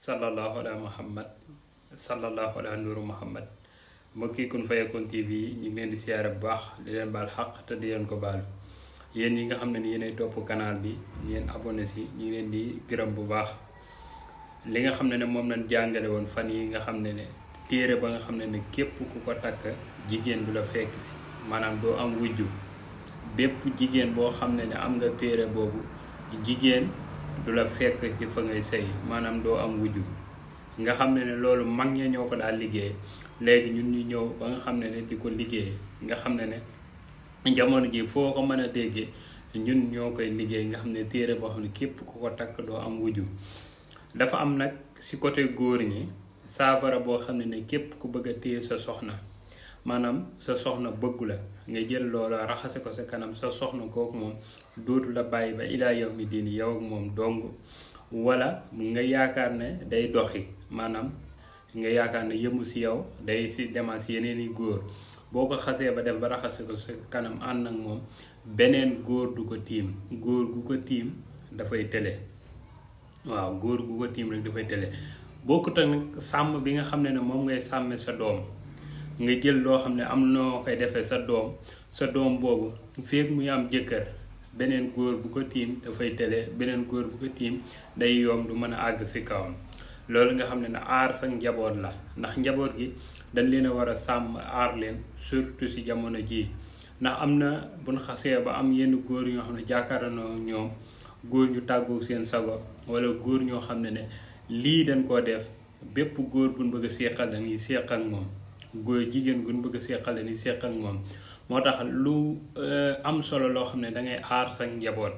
sallallahu ala muhammad sallallahu ala nuru muhammad mbokki Kun Fayakoun TV yi ñu ngi leen di siyaare bu baax di leen baal xaq te di leen ko baal yéen yi nga xam ne ni yéenay topp canal bi yéen abonné si ñu leen di gërëm bu baax li nga xam ne ne moom lañ jàngale woon fan yi nga xam ne ne téere ba nga xam ne ni képp ku ko takk jigéen du la fekk si maanaam doo am wujju bépp jigéen boo xam ne ne am nga téere boobu jigéen du la fekk ci fa ngay sëy maanaam doo am wujju nga xam ne ne loolu mag ña ñoo ko daal liggéey léegi ñun ñu ñëw ba nga xam ne ne di ko liggéey nga xam ne ne jamono ji foo ko mën a déggee ñun ñoo koy liggéey nga xam ne téere boo xam ne képp ku ko takk doo am wujju dafa am nag ci côté góor ñi saafara boo xam ne ne képp ku bëgg a téye sa soxna maanaam sa soxna bëggu la nga jël loola raxase ko sa kanam sa soxna kooku moom dootu la bàyyi ba ilaa yow mi diini yow moom dong wala nga yaakaar ne day doxi maanaam nga yaakaar ne yëmu si yow day si demaat yeneen i góor boo ko xasee ba def ba raxase ko sa kanam ànd ak moom beneen góor du ko tiim góor gu ko tiim dafay tële waaw góor gu ko tiim rek dafay tële bokkut ak nag sàmm bi nga xam ne ne moom ngay sàmme sa doom nga jël loo xam ne am noo koy defee sa doom sa doom boobu feeg muy am jëkkër beneen góor bu ko tiim dafay tele beneen góor bu ko tiim day yoom du mën a àgg si kawam loolu nga xam ne na aar sa njaboot la ndax njaboot gi dañ leen a war a sàmm aar leen surtout si jamono jii ndax am na buñ xasee ba am yenn góor ñoo xam ne jàkkaaranoo ñoom góor ñu tàggoog seen sago wala góor ñoo xam ne ne lii dañ koo def bépp góor buñ bëgg a séqal dañuy séq ak moom góor jigéen gun bëgg a seqale ni seq ak moom moo tax lu euh, am solo loo xam ne dangay aar sa njaboot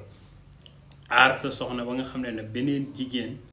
aar sa soxna ba nga xam ne ne beneen jigéen